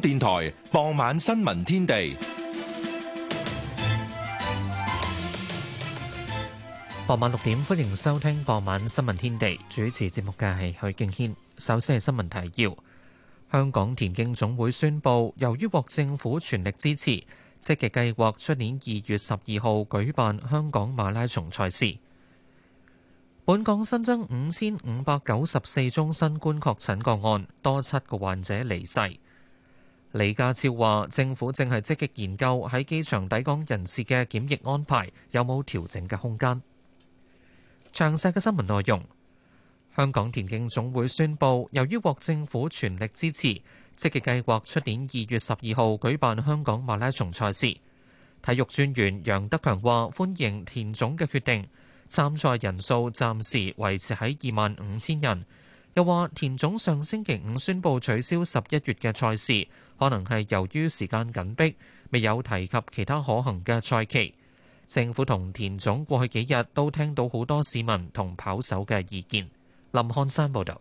電台傍晚新聞天地，傍晚六點，歡迎收聽傍晚新聞天地。主持節目嘅係許敬軒。首先係新聞提要：香港田徑總會宣布，由於獲政府全力支持，積極計劃出年二月十二號舉辦香港馬拉松賽事。本港新增五千五百九十四宗新冠確診個案，多七個患者離世。李家超話政府正係積極研究喺機場抵港人士嘅檢疫安排，有冇調整嘅空間。詳細嘅新聞內容：香港田徑總會宣布，由於獲政府全力支持，積極計劃出年二月十二號舉辦香港馬拉松賽事。體育專員楊德強話歡迎田總嘅決定，參賽人數暫時維持喺二萬五千人。又話田總上星期五宣布取消十一月嘅賽事，可能係由於時間緊迫，未有提及其他可行嘅賽期。政府同田總過去幾日都聽到好多市民同跑手嘅意見。林漢山報道。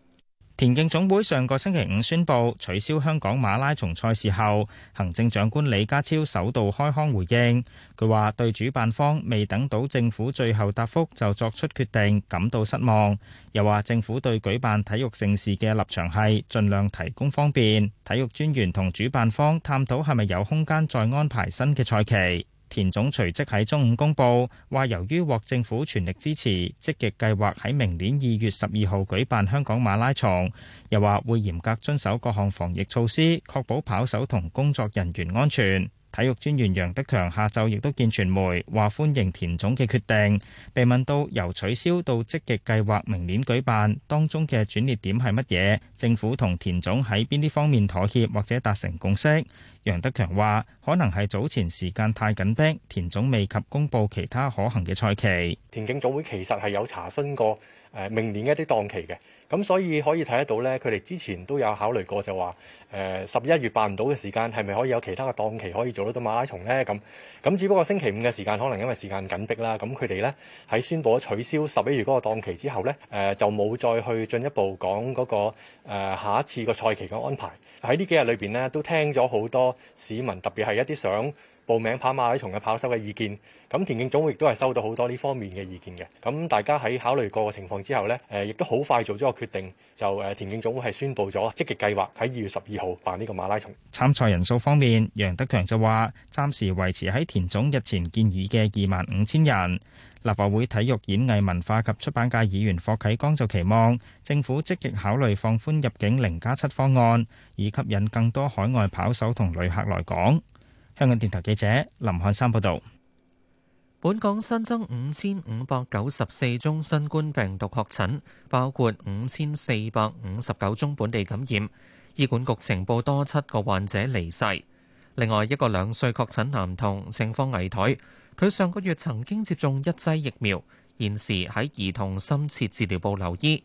田徑總會上個星期五宣布取消香港馬拉松賽事後，行政長官李家超首度開腔回應。佢話對主辦方未等到政府最後答覆就作出決定感到失望，又話政府對舉辦體育盛事嘅立場係盡量提供方便，體育專員同主辦方探討係咪有空間再安排新嘅賽期。田總隨即喺中午公佈，話由於獲政府全力支持，積極計劃喺明年二月十二號舉辦香港馬拉松，又話會嚴格遵守各項防疫措施，確保跑手同工作人員安全。體育專員楊德強下晝亦都見傳媒，話歡迎田總嘅決定。被問到由取消到積極計劃明年舉辦當中嘅轉捩點係乜嘢，政府同田總喺邊啲方面妥協或者達成共識？楊德強話：可能係早前時間太緊迫，田總未及公布其他可行嘅賽期。田徑總會其實係有查詢過。誒明年一啲檔期嘅咁，所以可以睇得到呢。佢哋之前都有考慮過就，就話誒十一月辦唔到嘅時間，係咪可以有其他嘅檔期可以做得到馬拉松呢？咁咁，只不過星期五嘅時間可能因為時間緊迫啦。咁佢哋呢，喺宣佈取消十一月嗰個檔期之後呢，誒、呃、就冇再去進一步講嗰、嗰個、呃、下一次個賽期嘅安排，喺呢幾日裏邊呢，都聽咗好多市民特別係一啲想報名跑馬拉松嘅跑手嘅意見，咁田徑總會亦都係收到好多呢方面嘅意見嘅。咁大家喺考慮過個情況之後呢，誒亦都好快做咗個決定，就誒田徑總會係宣布咗積極計劃喺二月十二號辦呢個馬拉松。參賽人數方面，楊德強就話暫時維持喺田總日前建議嘅二萬五千人。立法會體育、演藝、文化及出版界議員霍啟剛就期望政府積極考慮放寬入境零加七方案，以吸引更多海外跑手同旅客來港。香港電台記者林漢山報道，本港新增五千五百九十四宗新冠病毒確診，包括五千四百五十九宗本地感染。醫管局呈報多七個患者離世，另外一個兩歲確診男童情況危殆。佢上個月曾經接種一劑疫苗，現時喺兒童深切治療部留醫。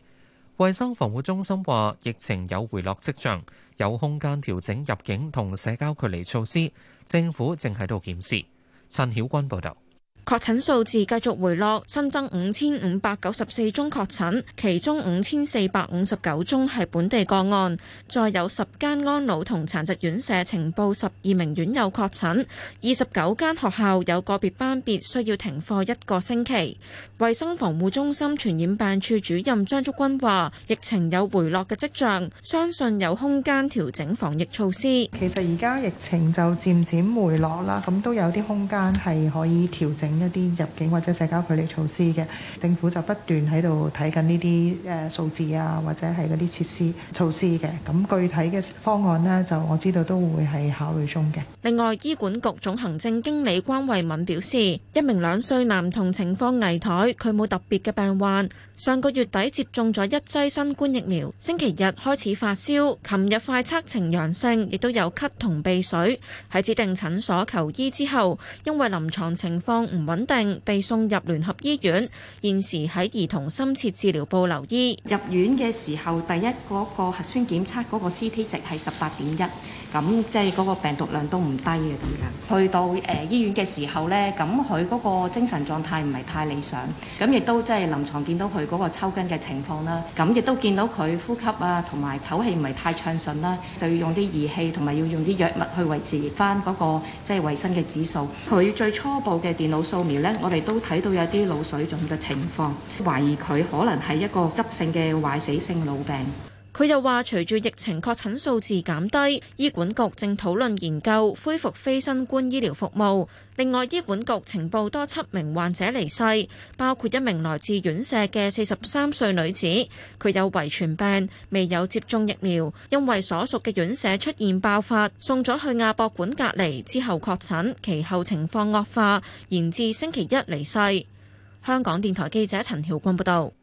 衛生防護中心話，疫情有回落跡象，有空間調整入境同社交距離措施。政府正喺度檢視。陳曉君報導。確診數字繼續回落，新增五千五百九十四宗確診，其中五千四百五十九宗係本地個案。再有十間安老同殘疾院舍呈報十二名院友確診，二十九間學校有個別班別需要停課一個星期。衛生防護中心傳染病處主任張竹君話，疫情有回落嘅跡象，相信有空間調整防疫措施。其實而家疫情就漸漸回落啦，咁都有啲空間係可以調整。一啲入境或者社交距離措施嘅，政府就不斷喺度睇緊呢啲誒數字啊，或者係嗰啲設施措施嘅。咁具體嘅方案咧，就我知道都會係考慮中嘅。另外，醫管局總行政經理關慧敏表示，外表示一名兩歲男童情況危殆，佢冇特別嘅病患，上個月底接種咗一劑新冠疫苗，星期日開始發燒，琴日快測呈陽性，亦都有咳同鼻水，喺指定診所求醫之後，因為臨床情況唔穩定，被送入聯合醫院，現時喺兒童深切治療部留醫。入院嘅時候，第一嗰個核酸檢測嗰個 CT 值係十八點一。咁即係嗰個病毒量都唔低嘅，咁樣去到誒、呃、醫院嘅時候呢，咁佢嗰個精神狀態唔係太理想，咁亦都即係臨床見到佢嗰個抽筋嘅情況啦。咁亦都見到佢呼吸啊同埋唞氣唔係太暢順啦、啊，就要用啲儀器同埋要用啲藥物去維持翻、那、嗰個即係維生嘅指數。佢最初步嘅電腦掃描呢，我哋都睇到有啲腦水腫嘅情況，懷疑佢可能係一個急性嘅壞死性腦病。佢又話：隨住疫情確診數字減低，醫管局正討論研究恢復非新冠醫療服務。另外，醫管局情報呈報多七名患者離世，包括一名來自院舍嘅四十三歲女子，佢有遺傳病，未有接種疫苗，因為所屬嘅院舍出現爆發，送咗去亞博館隔離之後確診，其後情況惡化，延至星期一離世。香港電台記者陳曉君報道。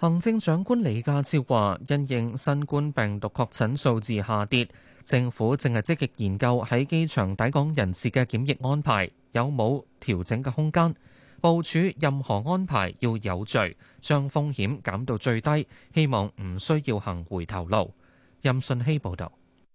行政長官李家超話，因應新冠病毒確診數字下跌，政府正係積極研究喺機場抵港人士嘅檢疫安排有冇調整嘅空間。部署任何安排要有序，將風險減到最低，希望唔需要行回頭路。任信希報道。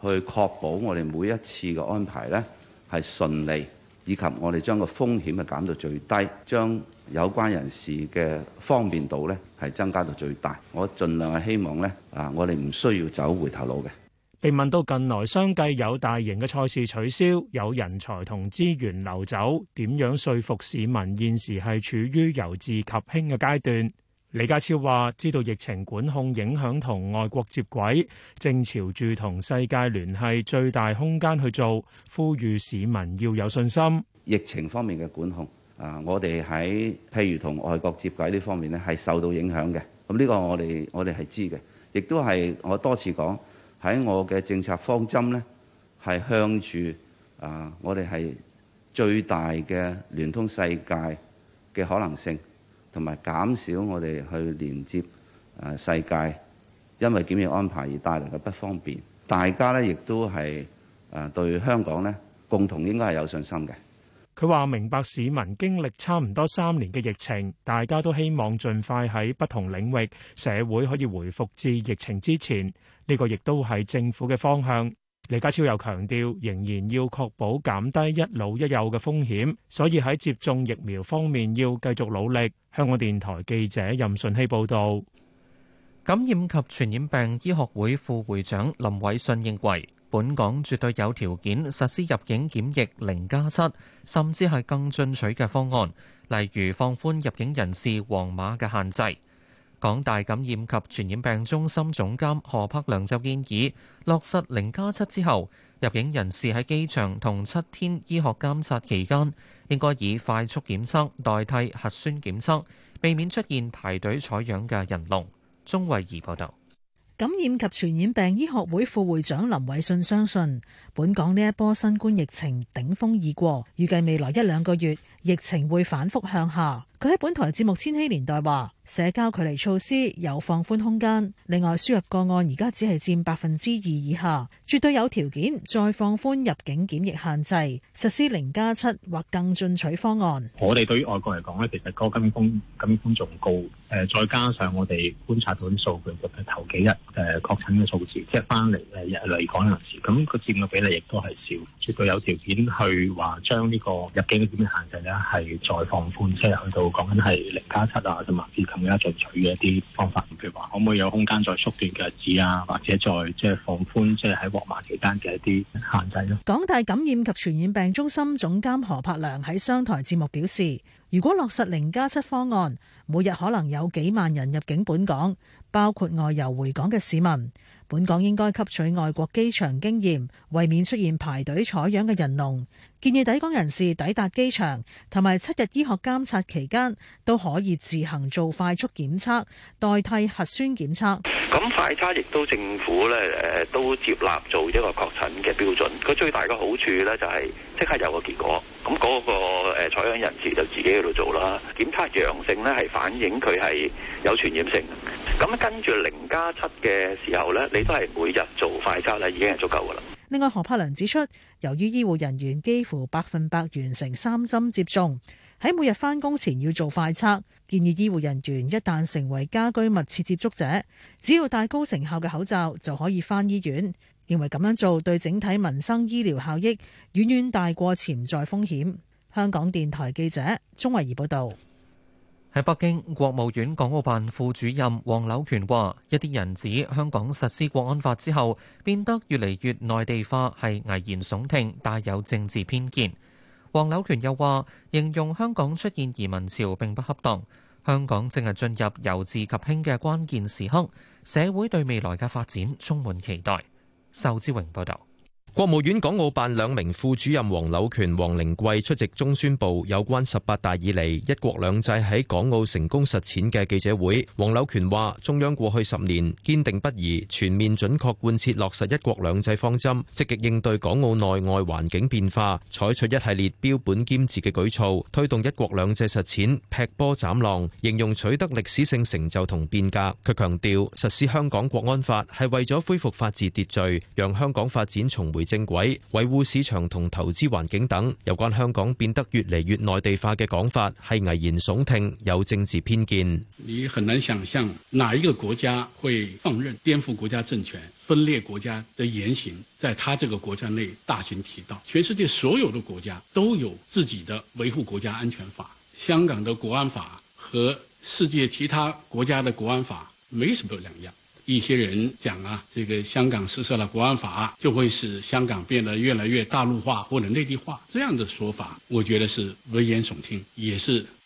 去確保我哋每一次嘅安排呢係順利，以及我哋將個風險嘅減到最低，將有關人士嘅方便度呢係增加到最大。我盡量係希望呢，啊，我哋唔需要走回頭路嘅。被問到近來相繼有大型嘅賽事取消，有人才同資源流走，點樣說服市民現時係處於由治及興嘅階段？李家超話：知道疫情管控影響同外國接軌，正朝住同世界聯繫最大空間去做，呼籲市民要有信心。疫情方面嘅管控啊，我哋喺譬如同外國接軌呢方面咧，係受到影響嘅。咁、這、呢個我哋我哋係知嘅，亦都係我多次講喺我嘅政策方針呢係向住啊，我哋係最大嘅聯通世界嘅可能性。同埋減少我哋去連接誒世界，因為檢疫安排而帶嚟嘅不方便，大家呢亦都係誒、呃、對香港呢共同應該係有信心嘅。佢話明白市民經歷差唔多三年嘅疫情，大家都希望盡快喺不同領域社會可以回復至疫情之前，呢、呢個亦都係政府嘅方向。李家超又強調，仍然要確保減低一老一幼嘅風險，所以喺接種疫苗方面要繼續努力。香港電台記者任順希報導。感染及傳染病醫學會副會長林偉信認為，本港絕對有條件實施入境檢疫零加七，甚至係更進取嘅方案，例如放寬入境人士黃碼嘅限制。港大感染及傳染病中心總監何柏良就建議落實零加七之後，入境人士喺機場同七天醫學監察期間應該以快速檢測代替核酸檢測，避免出現排隊採樣嘅人龍。鍾慧儀報道。感染及傳染病醫學會副會長林偉信相信，本港呢一波新冠疫情頂峰已過，預計未來一兩個月，疫情會反覆向下。佢喺本台節目《千禧年代》話：社交距離措施有放寬空間。另外，輸入個案而家只係佔百分之二以下，絕對有條件再放寬入境檢疫限制，實施零加七或更進取方案。我哋對於外國嚟講呢，其實個感染風感染風仲高。再加上我哋觀察到啲數據，嘅頭幾日誒確診嘅數字，即係翻嚟日嚟講係少，咁個佔嘅比例亦都係少，絕對有條件去話將呢個入境嘅檢疫限制。係再放寬，即係去到講緊係零加七啊，同埋最近而家取嘅一啲方法，譬如話可唔可以有空間再縮短嘅日子啊，或者再即係放寬，即係喺黃碼期間嘅一啲限制咯。港大感染及傳染病中心總監何柏良喺商台節目表示，如果落實零加七方案，每日可能有幾萬人入境本港，包括外遊回港嘅市民。本港應該吸取外國機場經驗，為免出現排隊採樣嘅人龍，建議抵港人士抵達機場同埋七日醫學監察期間都可以自行做快速檢測，代替核酸檢測。咁快測亦都政府咧誒都接納做一個確診嘅標準。佢最大嘅好處咧就係即刻有個結果。咁嗰個誒採樣人士就自己喺度做啦，檢測陽性呢係反映佢係有傳染性。咁跟住零加七嘅時候呢，你都係每日做快測喇，已經係足夠噶啦。另外，何柏良指出，由於醫護人員幾乎百分百完成三針接種。喺每日返工前要做快測，建議醫護人員一旦成為家居密切接觸者，只要戴高成效嘅口罩就可以返醫院。認為咁樣做對整體民生醫療效益遠遠大過潛在風險。香港電台記者鍾慧儀報導。喺北京，國務院港澳辦副主任黃柳權話：一啲人指香港實施國安法之後變得越嚟越內地化，係危言聳聽，帶有政治偏見。黃柳權又話，形容香港出現移民潮並不恰當，香港正係進入由治及興嘅關鍵時刻，社會對未來嘅發展充滿期待。仇志榮報導。國務院港澳辦兩名副主任黃柳權、王靈桂出席中宣部有關十八大以嚟一國兩制喺港澳成功實踐嘅記者會。黃柳權話：中央過去十年堅定不移、全面準確貫徹落實一國兩制方針，積極應對港澳內外環境變化，採取一系列標本兼治嘅舉措，推動一國兩制實踐劈波斬浪，形容取得歷史性成就同變革。佢強調，實施香港國安法係為咗恢復法治秩序，讓香港發展重回。正軌、維護市場同投資環境等有關香港變得越嚟越內地化嘅講法，係危言聳聽，有政治偏見。你很難想象哪一個國家會放任顛覆國家政權、分裂國家的言行，在他這個國家內大行其道。全世界所有的國家都有自己的維護國家安全法，香港的國安法和世界其他國家的國安法沒什麼兩樣。一些人講啊，這個香港實施了國安法，就會使香港變得越來越大陸化或者內地化，這樣的說法，我覺得是危言聳聽，也是。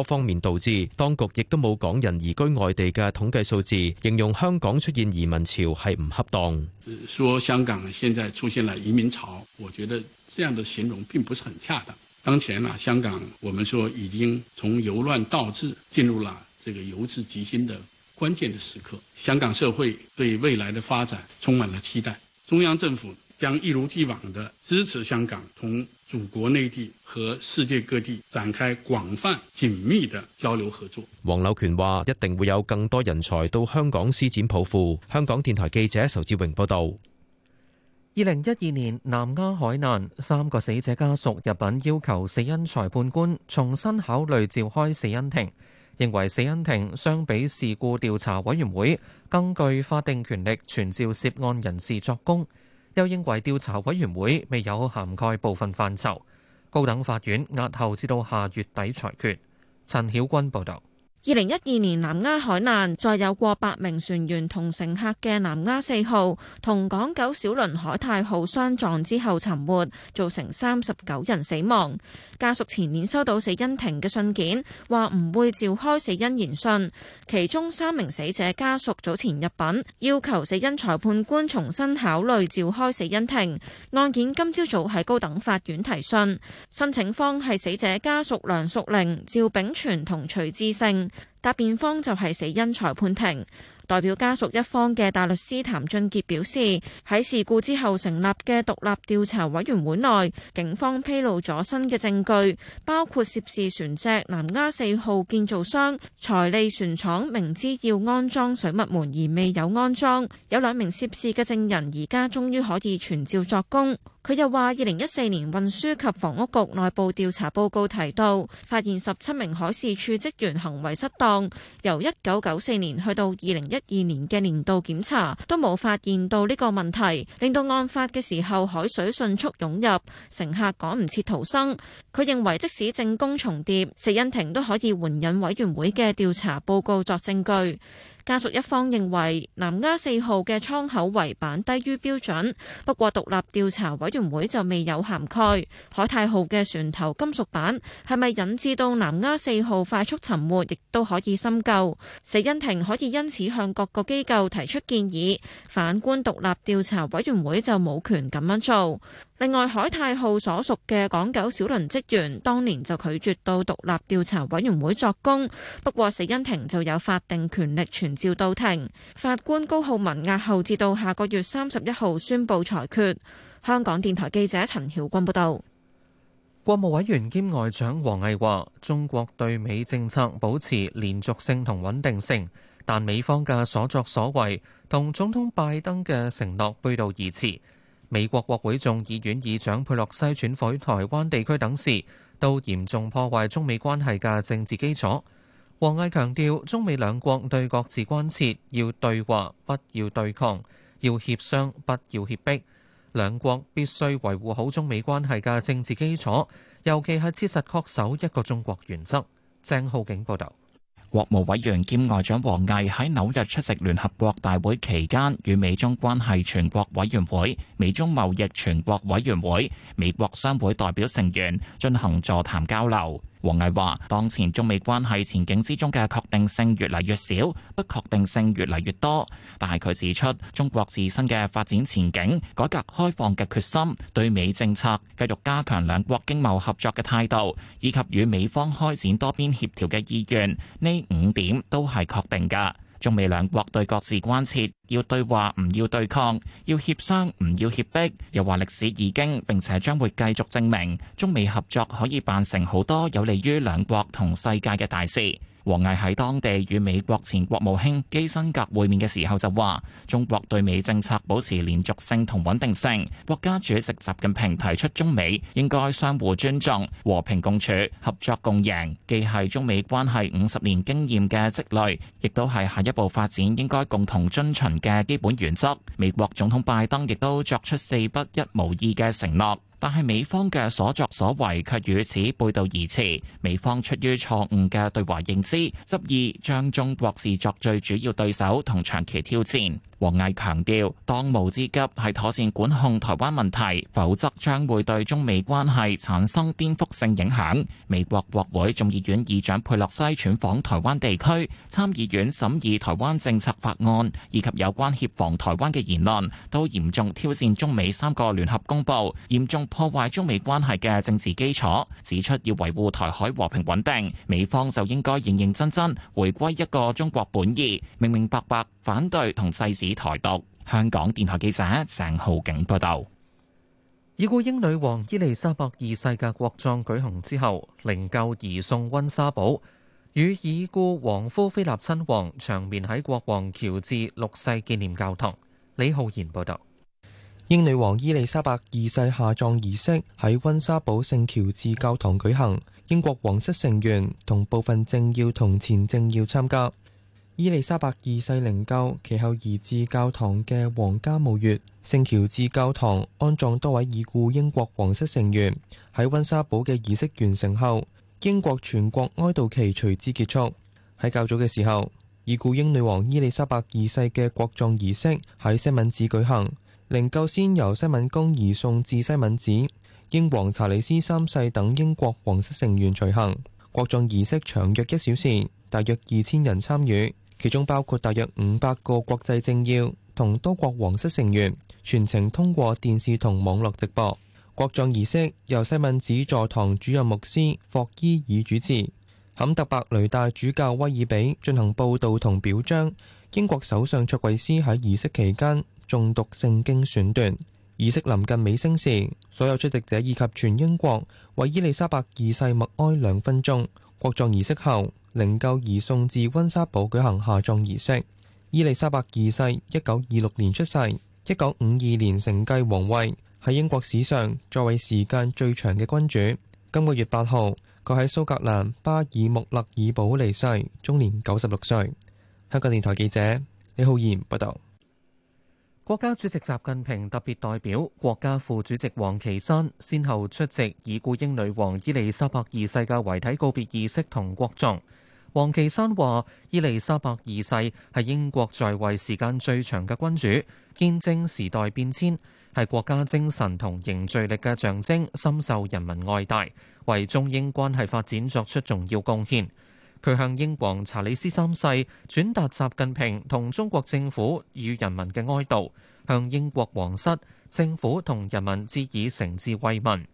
多方面導致，當局亦都冇港人移居外地嘅統計數字，形容香港出現移民潮係唔恰當。説香港現在出現了移民潮，我覺得這樣的形容並不是很恰當。當前啊，香港我們說已經從由亂到治，進入了這個由治及興的關鍵的時刻。香港社會對未來的發展充滿了期待。中央政府，將一如既往的支持香港，同祖國內地和世界各地展開廣泛緊密的交流合作。黃柳權話，一定會有更多人才到香港施展抱負。香港電台記者仇志榮報道。二零一二年南丫海難三個死者家屬入稟要求死因裁判官重新考慮召開死因庭，認為死因庭相比事故調查委員會更具法定權力，傳召涉案人士作供。又認為調查委員會未有涵蓋部分範疇，高等法院押後至到下月底裁決，陳曉君報道。二零一二年南丫海難，載有過百名船員同乘客嘅南丫四號同港九小輪海泰號相撞之後沉沒，造成三十九人死亡。家屬前年收到死因庭嘅信件，話唔會召開死因研訊。其中三名死者家屬早前入禀，要求死因裁判官重新考慮召開死因庭。案件今朝早喺高等法院提訊，申請方係死者家屬梁淑玲、趙炳全同徐志勝。答辯方就係死因裁判庭。代表家屬一方嘅大律師譚俊傑表示，喺事故之後成立嘅獨立調查委員會內，警方披露咗新嘅證據，包括涉事船隻南丫四號建造商財利船廠明知要安裝水密門而未有安裝，有兩名涉事嘅證人而家終於可以傳召作供。佢又話：二零一四年運輸及房屋局內部調查報告提到，發現十七名海事處職員行為失當。由一九九四年去到二零一二年嘅年度檢查，都冇發現到呢個問題，令到案發嘅時候海水迅速湧入，乘客趕唔切逃生。佢認為，即使證供重疊，石恩廷都可以援引委員會嘅調查報告作證據。家屬一方認為南丫四號嘅艙口圍板低於標準，不過獨立調查委員會就未有涵蓋。海泰號嘅船頭金屬板係咪引致到南丫四號快速沉沒，亦都可以深究。死因庭可以因此向各個機構提出建議，反觀獨立調查委員會就冇權咁樣做。另外，海泰號所屬嘅港九小輪職員當年就拒絕到獨立調查委員會作供，不過死因庭就有法定權力傳召到庭。法官高浩文押後至到下個月三十一號宣佈裁決。香港電台記者陳曉君報道。國務委員兼外長王毅話：中國對美政策保持連續性同穩定性，但美方嘅所作所為同總統拜登嘅承諾背道而馳。美國國會眾議院議長佩洛西竄訪台灣地區等事，都嚴重破壞中美關係嘅政治基礎。王毅強調，中美兩國對各自關切要對話，不要對抗；要協商，不要脅迫。兩國必須維護好中美關係嘅政治基礎，尤其係切實恪守一個中國原則。鄭浩景報導。國務委員兼外長王毅喺紐約出席聯合國大會期間，與美中關係全國委員會、美中貿易全國委員會、美國商會代表成員進行座談交流。王毅話，當前中美關係前景之中嘅確定性越嚟越少，不確定性越嚟越多。但係佢指出，中國自身嘅發展前景、改革開放嘅決心、對美政策繼續加強兩國經貿合作嘅態度，以及與美方開展多邊協調嘅意願，呢五點都係確定嘅。中美兩國對各自關切，要對話唔要對抗，要協商唔要脅迫。又話歷史已經並且將會繼續證明，中美合作可以辦成好多有利於兩國同世界嘅大事。王毅喺當地與美國前國務卿基辛格會面嘅時候就話：中國對美政策保持連續性同穩定性。國家主席習近平提出中美應該相互尊重、和平共處、合作共贏，既係中美關係五十年經驗嘅積累，亦都係下一步發展應該共同遵循嘅基本原則。美國總統拜登亦都作出四不一無二嘅承諾。但係美方嘅所作所為卻與此背道而馳，美方出於錯誤嘅對華認知，執意將中國視作最主要對手同長期挑戰。王毅強調，當務之急係妥善管控台灣問題，否則將會對中美關係產生顛覆性影響。美國國會眾議院議長佩洛西竄訪台灣地區，參議院審議台灣政策法案以及有關協防台灣嘅言論，都嚴重挑戰中美三個聯合公報，嚴重破壞中美關係嘅政治基礎。指出要維護台海和平穩定，美方就應該認認真真，回歸一個中國本意，明明白白反對同制止。台獨。香港電台記者鄭浩景報道。已故英女王伊麗莎白二世嘅國葬舉行之後，靈柩移送溫莎堡，與已故王夫菲立親王長眠喺國王喬治六世紀念教堂。李浩然報道。英女王伊麗莎白二世下葬儀式喺溫莎堡聖喬治教堂舉行，英國皇室成員同部分政要同前政要參加。伊麗莎白二世靈柩其後移至教堂嘅皇家墓穴，聖喬治教堂安葬多位已故英國皇室成員。喺温莎堡嘅儀式完成後，英國全國哀悼期隨之結束。喺較早嘅時候，已故英女王伊麗莎白二世嘅國葬儀式喺西敏寺舉行，靈柩先由西敏宮移送至西敏寺。英皇查理斯三世等英國皇室成員隨行。國葬儀式長約一小時，大約二千人參與。其中包括大約五百個國際政要同多國皇室成員，全程通過電視同網絡直播國葬儀式，由西敏寺座堂主任牧師霍伊爾主持。坎特伯雷大主教威爾比進行報道同表彰。英國首相卓惠斯喺儀式期間重讀聖經選段。儀式臨近尾聲時，所有出席者以及全英國為伊麗莎白二世默哀兩分鐘。國葬儀式後，靈柩移送至温莎堡舉行下葬儀式。伊利沙伯二世，一九二六年出世，一九五二年承繼皇位，喺英國史上作為時間最長嘅君主。今個月八號，佢喺蘇格蘭巴爾莫勒爾堡離世，終年九十六歲。香港電台記者李浩然報道。國家主席習近平特別代表、國家副主席王岐山先後出席已故英女王伊利沙伯二世嘅遺體告別儀式同國葬。王岐山話，伊麗莎白二世係英國在位時間最長嘅君主，見證時代變遷，係國家精神同凝聚力嘅象徵，深受人民愛戴，為中英關係發展作出重要貢獻。佢向英皇查理斯三世轉達習近平同中國政府與人民嘅哀悼，向英國皇室、政府同人民致以誠摯慰問。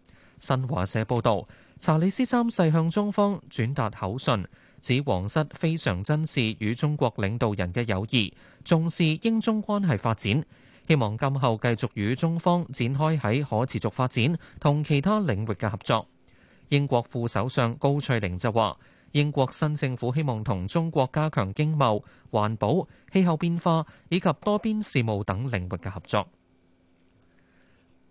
新華社報道，查理斯三世向中方轉達口信。指皇室非常珍視與中國領導人嘅友誼，重視英中關係發展，希望今後繼續與中方展開喺可持續發展同其他領域嘅合作。英國副首相高翠玲就話：英國新政府希望同中國加強經貿、環保、氣候變化以及多邊事務等領域嘅合作。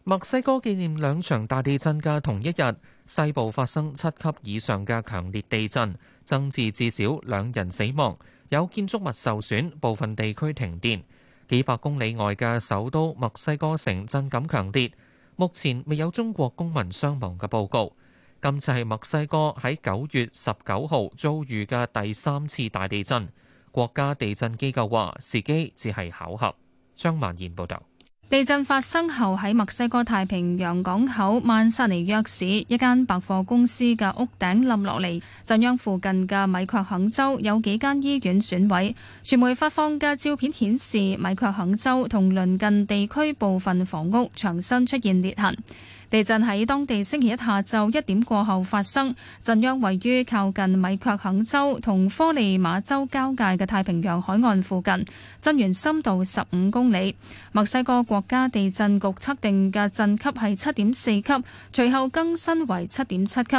墨西哥紀念兩場大地震嘅同一日，西部發生七級以上嘅強烈地震，增至至少兩人死亡，有建築物受損，部分地區停電，幾百公里外嘅首都墨西哥城震感強烈，目前未有中國公民傷亡嘅報告。今次係墨西哥喺九月十九號遭遇嘅第三次大地震，國家地震機構話時機只係巧合。張曼燕報道。地震發生後，喺墨西哥太平洋港口曼薩尼約市一間百貨公司嘅屋頂冧落嚟，震央附近嘅米卻肯州有幾間醫院損毀。傳媒發放嘅照片顯示，米卻肯州同鄰近地區部分房屋牆身出現裂痕。地震喺當地星期一下晝一點過後發生，震央位於靠近米卻肯州同科利馬州交界嘅太平洋海岸附近，震源深度十五公里。墨西哥國家地震局測定嘅震級係七點四級，隨後更新為七點七級。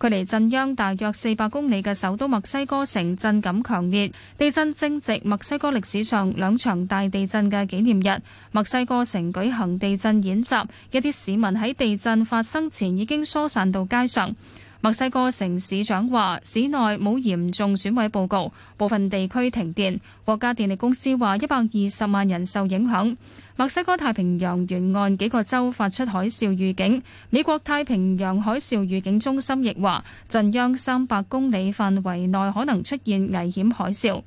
距離震央大約四百公里嘅首都墨西哥城震感強烈。地震正值墨西哥歷史上兩場大地震嘅紀念日。墨西哥城舉行地震演習，一啲市民喺地震發生前已經疏散到街上。墨西哥城市長話，市內冇嚴重損毀報告，部分地區停電。國家電力公司話，一百二十萬人受影響。墨西哥太平洋沿岸幾個州發出海嘯預警，美國太平洋海嘯預警中心亦話，震央三百公里範圍內可能出現危險海嘯。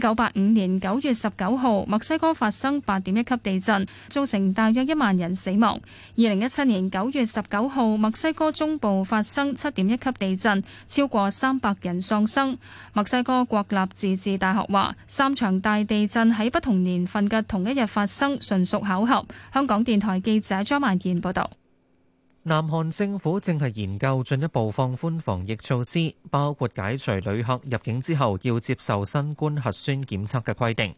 1985年9月19號，墨西哥發生8.1級地震，造成大約1萬人死亡。2017年9月19號，墨西哥中部發生7.1級地震，超過300人喪生。墨西哥國立自治大學話，三場大地震喺不同年份嘅同一日發生，純屬巧合。香港電台記者張曼燕報道。南韓政府正係研究進一步放寬防疫措施，包括解除旅客入境之後要接受新冠核酸檢測嘅規定。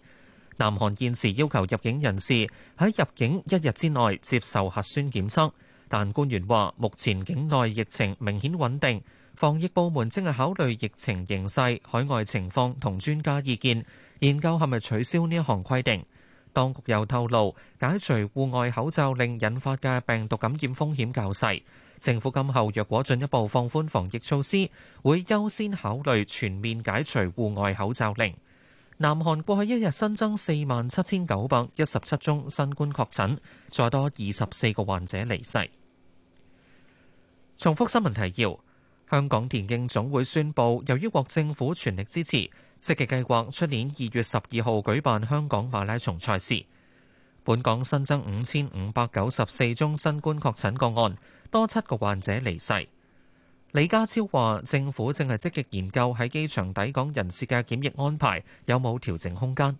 南韓現時要求入境人士喺入境一日之內接受核酸檢測，但官員話目前境內疫情明顯穩定，防疫部門正係考慮疫情形勢、海外情況同專家意見，研究係咪取消呢一項規定。當局又透露，解除戶外口罩令引發嘅病毒感染風險較細。政府今後若果進一步放寬防疫措施，會優先考慮全面解除戶外口罩令。南韓過去一日新增四萬七千九百一十七宗新冠確診，再多二十四個患者離世。重複新聞提要：香港田徑總會宣佈，由於獲政府全力支持。積極計劃出年二月十二號舉辦香港馬拉松賽事。本港新增五千五百九十四宗新冠確診個案，多七個患者離世。李家超話：政府正係積極研究喺機場抵港人士嘅檢疫安排，有冇調整空間？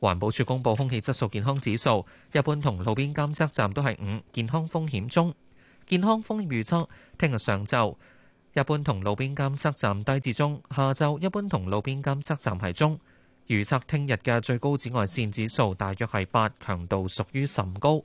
環保署公布空氣質素健康指數，一般同路邊監測站都係五，健康風險中。健康風險預測，聽日上晝，一般同路邊監測站低至中，下晝一般同路邊監測站係中。預測聽日嘅最高紫外綫指數大約係八，強度屬於甚高。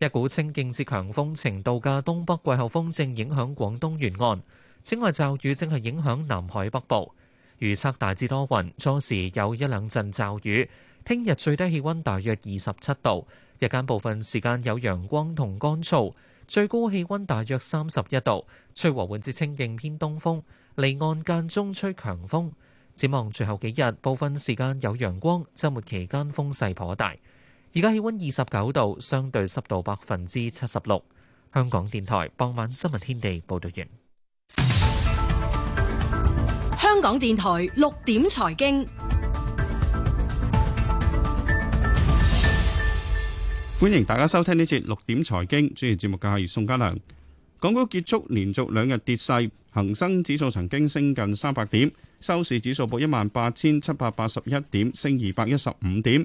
一股清勁至強風程度嘅東北季候風正影響廣東沿岸，此外驟雨正係影響南海北部。預測大致多雲，初時有一兩陣驟雨。聽日最低氣溫大約二十七度，日間部分時間有陽光同乾燥。最高氣溫大約三十一度，吹和緩至清勁偏東風，離岸間中吹強風。展望隨後幾日，部分時間有陽光，週末期間風勢頗大。而家氣溫二十九度，相對濕度百分之七十六。香港電台傍晚新聞天地報道完。香港電台六點財經。歡迎大家收聽呢節六點財經，主持節目嘅係宋家良。港股結束連續兩日跌勢，恆生指數曾經升近三百點，收市指數報一萬八千七百八十一點，升二百一十五點。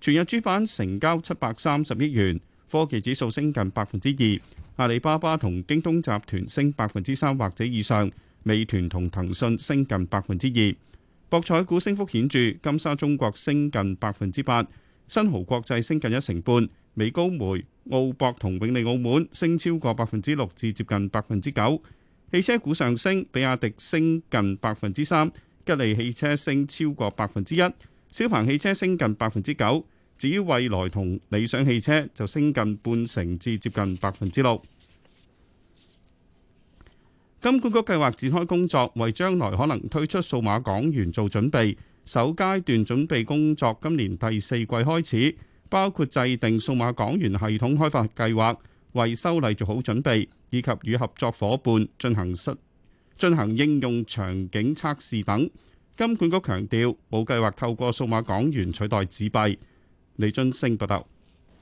全日主板成交七百三十億元，科技指數升近百分之二，阿里巴巴同京東集團升百分之三或者以上，美團同騰訊升近百分之二，博彩股升幅顯著，金沙中國升近百分之八，新濠國際升近一成半。美高梅、澳博同永利澳門升超過百分之六至接近百分之九，汽車股上升，比亞迪升近百分之三，吉利汽車升超過百分之一，小鵬汽車升近百分之九，至於蔚來同理想汽車就升近半成至接近百分之六。金管局計劃展開工作，為將來可能推出數碼港元做準備，首階段準備工作今年第四季開始。包括制定數碼港元系統開發計劃、為修例做好準備，以及與合作伙伴進行實進行應用場景測試等。金管局強調，冇計劃透過數碼港元取代紙幣。李俊升報道。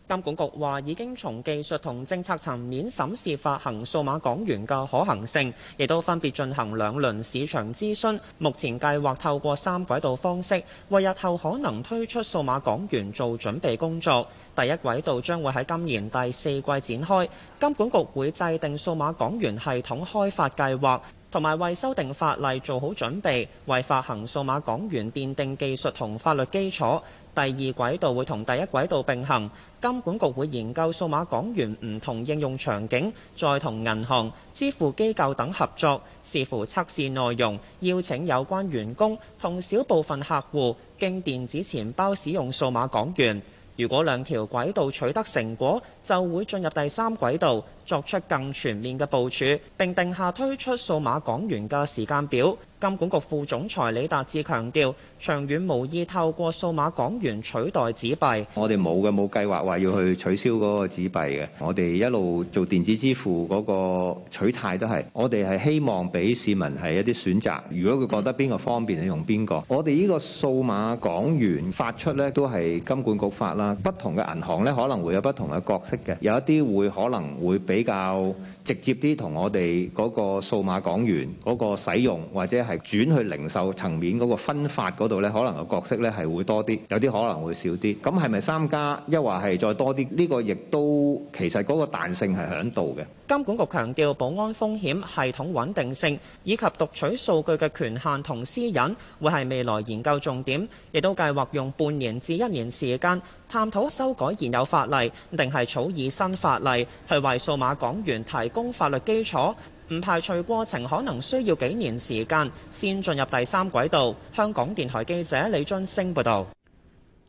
金管局話已經從技術同政策層面審視發行數碼港元嘅可行性，亦都分別進行兩輪市場諮詢。目前計劃透過三軌道方式，為日後可能推出數碼港元做準備工作。第一軌道將會喺今年第四季展開，金管局會制定數碼港元系統開發計劃。同埋為修訂法例做好準備，為發行數碼港元奠定技術同法律基礎。第二軌道會同第一軌道並行，金管局會研究數碼港元唔同應用場景，再同銀行、支付機構等合作，視乎測試內容，邀請有關員工同少部分客戶經電子錢包使用數碼港元。如果兩條軌道取得成果，就會進入第三軌道。作出更全面嘅部署，並定下推出數碼港元嘅時間表。金管局副總裁李達志強調，長遠無意透過數碼港元取代紙幣，我哋冇嘅冇計劃話要去取消嗰個紙幣嘅。我哋一路做電子支付嗰個取態都係，我哋係希望俾市民係一啲選擇。如果佢覺得邊個方便，你用邊個。我哋呢個數碼港元發出咧都係金管局發啦。不同嘅銀行咧可能會有不同嘅角色嘅，有一啲會可能會俾。比較。直接啲同我哋嗰個數碼港元嗰個使用或者係轉去零售層面嗰個分發嗰度咧，可能個角色咧係會多啲，有啲可能會少啲。咁係咪三家？一或係再多啲？呢個亦都其實嗰個彈性係喺度嘅。監管局強調，保安風險、系統穩定性以及讀取數據嘅權限同私隱會係未來研究重點，亦都計劃用半年至一年時間探討修改現有法例，定係草擬新法例，去為數碼港元提供法律基礎，唔排除過程可能需要幾年時間先進入第三軌道。香港電台記者李俊升報道。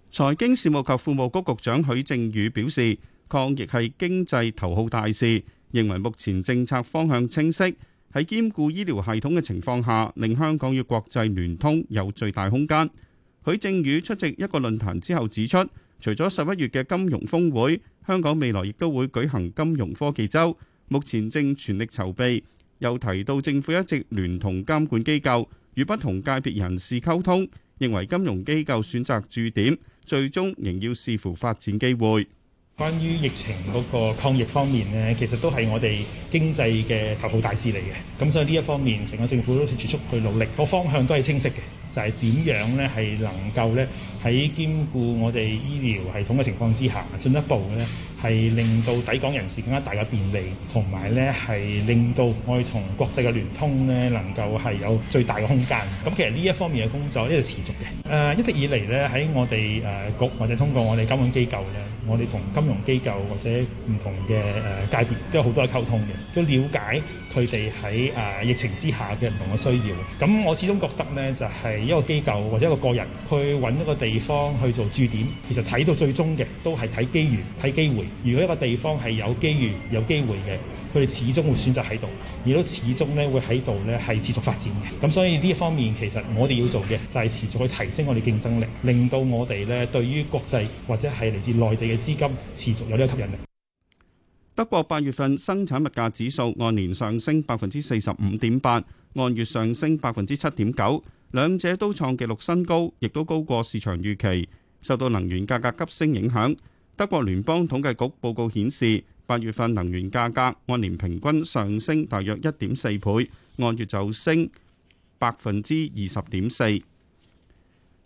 財經事務及庫務局局，局長許正宇表示，抗疫係經濟頭號大事，認為目前政策方向清晰，喺兼顧醫療系統嘅情況下，令香港與國際聯通有最大空間，許正宇出席一個論壇之後指出，除咗十一月嘅金融峰會，香港未來亦都會舉行金融科技周。目前正全力籌備，又提到政府一直聯同監管機構與不同界別人士溝通，認為金融機構選擇駐點最終仍要視乎發展機會。關於疫情嗰個抗疫方面咧，其實都係我哋經濟嘅頭號大事嚟嘅，咁所以呢一方面，成個政府都係專注去努力，個方向都係清晰嘅。就係點樣咧，係能夠咧喺兼顧我哋醫療系統嘅情況之下，進一步咧係令到抵港人士更加大嘅便利，同埋咧係令到我哋同國際嘅聯通咧能夠係有最大嘅空間。咁其實呢一方面嘅工作咧就持續嘅。誒、呃、一直以嚟咧喺我哋誒、呃、局或者通過我哋金融機構咧，我哋同金融機構或者唔同嘅誒、呃、界別都有好多嘅溝通嘅，都了解。佢哋喺誒疫情之下嘅唔同嘅需要，咁我始終覺得呢，就係一個機構或者一個個人去揾一個地方去做駐點，其實睇到最終嘅都係睇機遇、睇機會。如果一個地方係有機遇、有機會嘅，佢哋始終會選擇喺度，亦都始終咧會喺度咧係持續發展嘅。咁所以呢一方面，其實我哋要做嘅就係持續去提升我哋競爭力，令到我哋咧對於國際或者係嚟自內地嘅資金持續有呢個吸引力。德國八月份生產物價指數按年上升百分之四十五點八，按月上升百分之七點九，兩者都創紀錄新高，亦都高過市場預期。受到能源價格急升影響，德國聯邦統計局報告顯示，八月份能源價格按年平均上升大約一點四倍，按月就升百分之二十點四。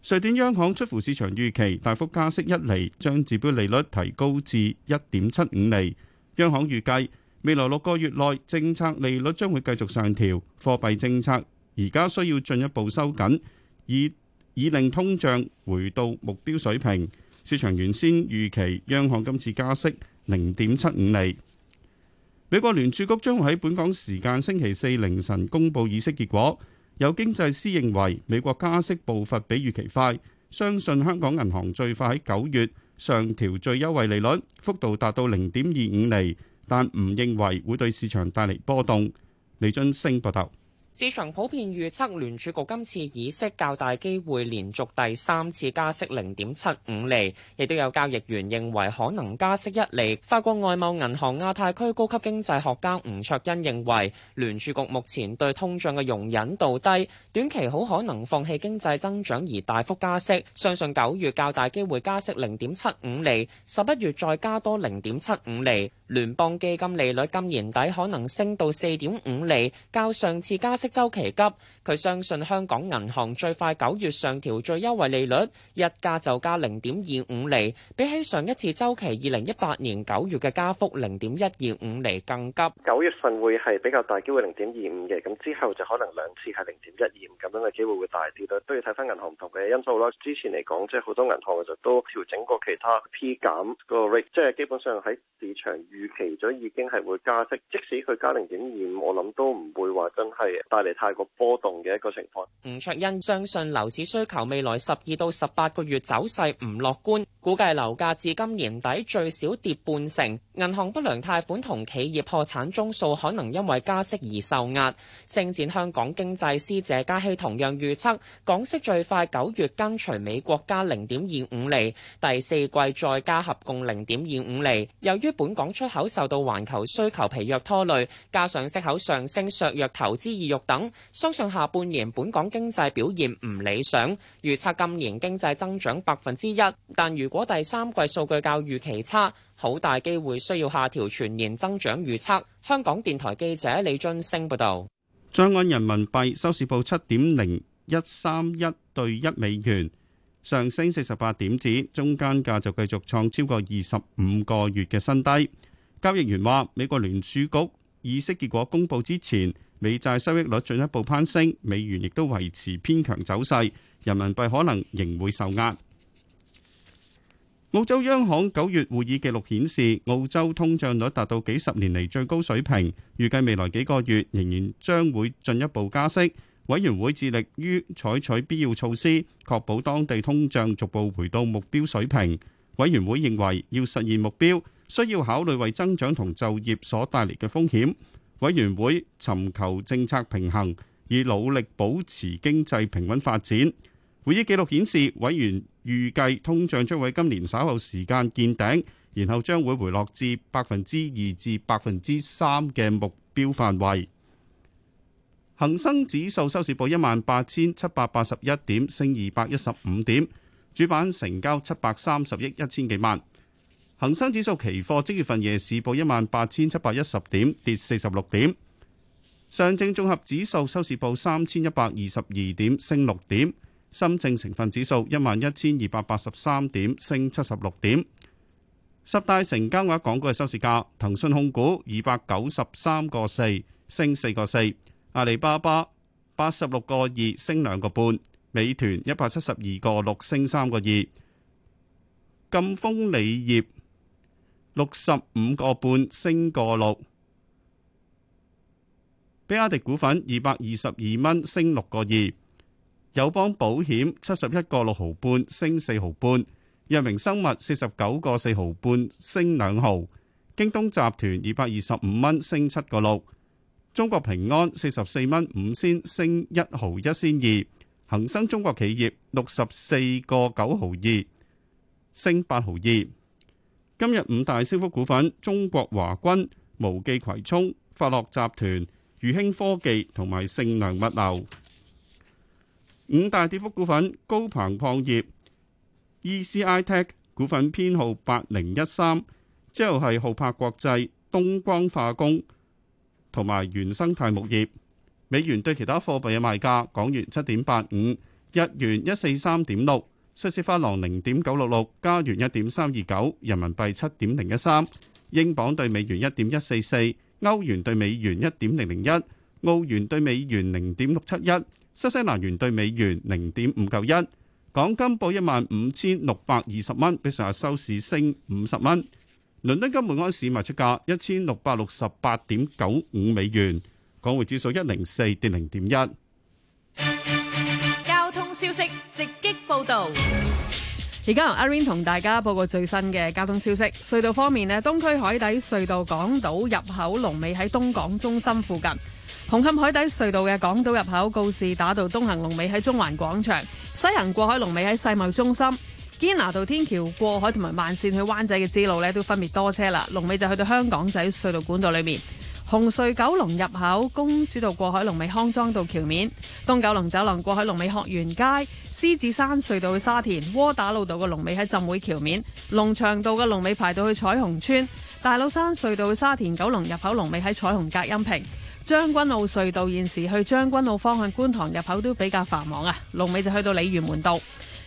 瑞典央行出乎市場預期，大幅加息一厘，將指標利率提高至一點七五厘。央行預計未來六個月內政策利率將會繼續上調，貨幣政策而家需要進一步收緊，以以令通脹回到目標水平。市場原先預期央行今次加息零點七五厘。美國聯儲局將會喺本港時間星期四凌晨公佈議息結果。有經濟師認為美國加息步伐比預期快，相信香港銀行最快喺九月，上調最優惠利率幅度達到零點二五厘，但唔認為會對市場帶嚟波動。李俊升報道。市場普遍預測聯儲局今次議息較大機會連續第三次加息零點七五厘，亦都有交易員認為可能加息一厘。法國外貿銀行亞太區高級經濟學家吳卓恩認為，聯儲局目前對通脹嘅容忍度低，短期好可能放棄經濟增長而大幅加息，相信九月較大機會加息零點七五厘，十一月再加多零點七五厘。聯邦基金利率今年底可能升到四點五厘，較上次加息周期急。佢相信香港銀行最快九月上調最優惠利率，一加就加零點二五厘，比起上一次週期二零一八年九月嘅加幅零點一二五厘更急。九月份會係比較大機會零點二五嘅，咁之後就可能兩次係零點一二五咁樣嘅機會會大啲，都都要睇翻銀行唔同嘅因素咯。之前嚟講，即係好多銀行其實都調整過其他 P 減個 rate，即係基本上喺市場預期咗已經係會加息，即使佢加零點二五，我諗都唔會話真係帶嚟太過波動嘅一個情況。吳卓恩相信樓市需求未來十二到十八個月走勢唔樂觀，估計樓價至今年底最少跌半成。銀行不良貸款同企業破產宗數可能因為加息而受壓。盛展香港經濟師謝嘉熙同樣預測港息最快九月跟隨美國加零點二五厘，第四季再加合共零點二五厘。由於本港出口受到環球需求疲弱拖累，加上息口上升削弱投資意欲等，相信下半年本港經濟表現唔理想。預測今年經濟增長百分之一，但如果第三季數據較預期差，好大機會需要下調全年增長預測。香港電台記者李津升報道：在岸人民幣收市報七點零一三一對一美元，上升四十八點子，中間價就繼續創超過二十五個月嘅新低。交易員話：美國聯儲局議息結果公佈之前，美債收益率進一步攀升，美元亦都維持偏強走勢，人民幣可能仍會受壓。澳洲央行九月會議記錄顯示，澳洲通脹率達到幾十年嚟最高水平，預計未來幾個月仍然將會進一步加息。委員會致力於採取必要措施，確保當地通脹逐步回到目標水平。委員會認為，要實現目標，需要考慮為增長同就業所帶來嘅風險。委員會尋求政策平衡，以努力保持經濟平穩發展。會議記錄顯示，委員預計通脹將會今年稍後時間見頂，然後將會回落至百分之二至百分之三嘅目標範圍。恒生指數收市報一萬八千七百八十一點，升二百一十五點。主板成交七百三十億一千幾萬，恒生指數期貨即月份夜市報一萬八千七百一十點，跌四十六點。上證綜合指數收市報三千一百二十二點，升六點。深證成分指數一萬一千二百八十三點，升七十六點。十大成交額港股嘅收市價，騰訊控股二百九十三個四，升四個四。阿里巴巴八十六個二，升兩個半。美團一百七十二個六升三個二，贛鋒鋰業六十五個半升個六，比亞迪股份二百二十二蚊升六個二，友邦保險七十一個六毫半升四毫半，藥明生物四十九個四毫半升兩毫，京東集團二百二十五蚊升七個六，中國平安四十四蚊五仙升一毫一仙二。恒生中國企業六十四個九毫二，升八毫二。今日五大升幅股份：中國華軍、毛記葵涌、發樂集團、裕興科技同埋盛良物流。五大跌幅股份：高鵬礦業、E C I Tech 股份編號八零一三，之後係浩柏國際、東光化工同埋原生態木業。美元對其他貨幣嘅賣價：港元七點八五，日元一四三點六，瑞士法郎零點九六六，加元一點三二九，人民幣七點零一三，英鎊對美元一點一四四，歐元對美元一點零零一，澳元對美元零點六七一，新西蘭元對美元零點五九一。港金報一萬五千六百二十蚊，比上日收市升五十蚊。倫敦金每安士賣出價一千六百六十八點九五美元。港匯指數一零四跌零點一。交通消息直擊報道，而家由阿 Rain 同大家報告最新嘅交通消息。隧道方面咧，東區海底隧道港島入口龍尾喺東港中心附近；紅磡海底隧道嘅港島入口告士打道東行龍尾喺中環廣場，西行過海龍尾喺世貿中心。堅拿道天橋過海同埋慢綫去灣仔嘅支路咧，都分別多車啦。龍尾就去到香港仔隧道管道裏面。紅隧九龍入口，公主道過海龍尾，康莊道橋面，東九龍走廊過海龍尾鶴園街，獅子山隧道去沙田窩打老道嘅龍尾喺浸會橋面，龍翔道嘅龍尾排到去彩虹村，大老山隧道去沙田九龍入口龍尾喺彩虹隔音屏。將軍澳隧道現時去將軍澳方向觀塘入口都比較繁忙啊，龍尾就去到鯉魚門道。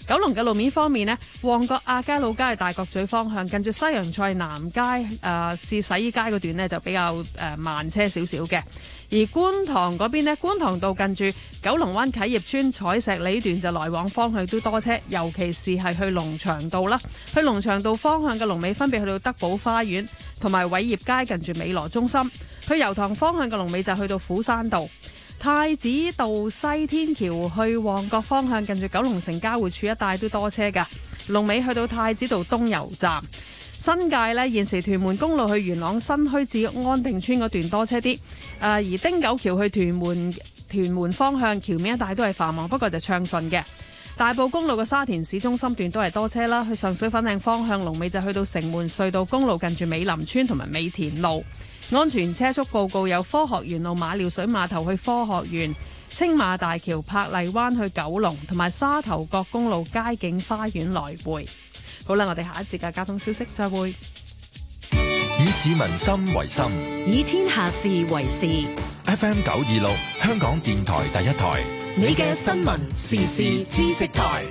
九龍嘅路面方面呢，旺角亞皆老街大角咀方向，近住西洋菜南街誒、呃、至洗衣街嗰段呢，就比較誒、呃、慢車少少嘅。而觀塘嗰邊咧，觀塘道近住九龍灣啟業邨彩石里段就來往方向都多車，尤其是係去龍翔道啦，去龍翔道方向嘅龍尾分別去到德寶花園同埋偉業街，近住美羅中心；去油塘方向嘅龍尾就去到虎山道、太子道西天橋去旺角方向，近住九龍城交匯處一帶都多車㗎，龍尾去到太子道東油站。新界呢，現時屯門公路去元朗新墟至安定村嗰段多車啲，誒、呃、而汀九橋去屯門屯門方向橋面一帶都係繁忙，不過就暢順嘅。大埔公路嘅沙田市中心段都係多車啦，去上水粉嶺方向龍尾就去到城門隧道公路近住美林村同埋美田路。安全車速報告有科學園路馬料水碼頭去科學園、青馬大橋珀麗灣去九龍同埋沙頭角公路街景花園來回。好啦，我哋下一節嘅交通消息再會。以市民心為心，以天下事為事。F M 九二六，香港電台第一台。你嘅新聞時事知識台。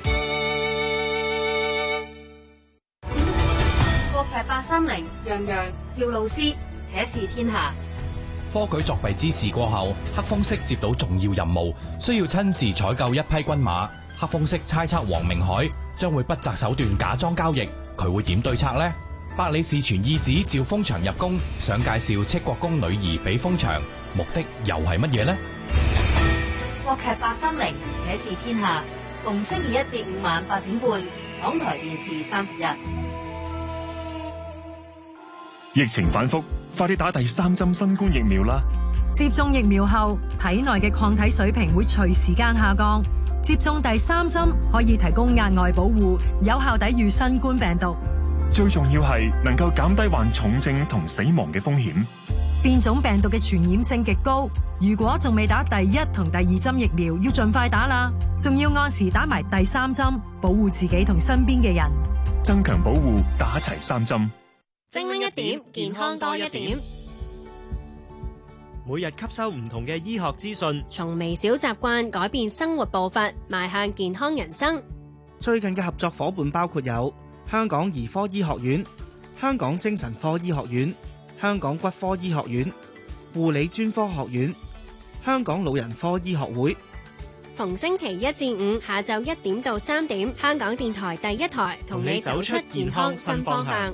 國劇八三零，楊洋，洋、趙露思，且試天下。科舉作弊之事過後，黑豐息接到重要任務，需要親自採購一批軍馬。黑風式猜測黃明海將會不擇手段假裝交易，佢會點對策呢？百里氏傳意子趙豐祥入宮，想介紹戚國公女兒俾豐祥，目的又係乜嘢呢？國劇《八三零》，且試天下，逢星期一至五晚八點半，港台電視三十一。疫情反覆，快啲打第三針新冠疫苗啦！接種疫苗後，體內嘅抗體水平會隨時間下降。接種第三針可以提供額外保護，有效抵御新冠病毒。最重要係能夠減低患重症同死亡嘅風險。變種病毒嘅傳染性極高，如果仲未打第一同第二針疫苗，要盡快打啦。仲要按時打埋第三針，保護自己同身邊嘅人，增強保護，打齊三針，精明一點，健康多一點。每日吸收唔同嘅醫學資訊，從微小習慣改變生活步伐，邁向健康人生。最近嘅合作夥伴包括有香港兒科醫學院、香港精神科醫學院、香港骨科醫學院、護理專科學院、香港老人科醫學會。逢星期一至五，下晝一點到三點，香港電台第一台同你走出健康新方向。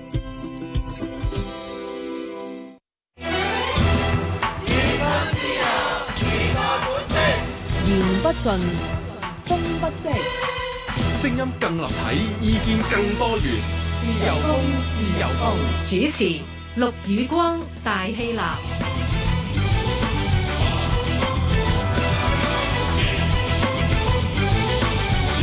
不盡，風不息，聲音更立體，意見更多元，自由風，自由風。主持：陸雨光，大氣立。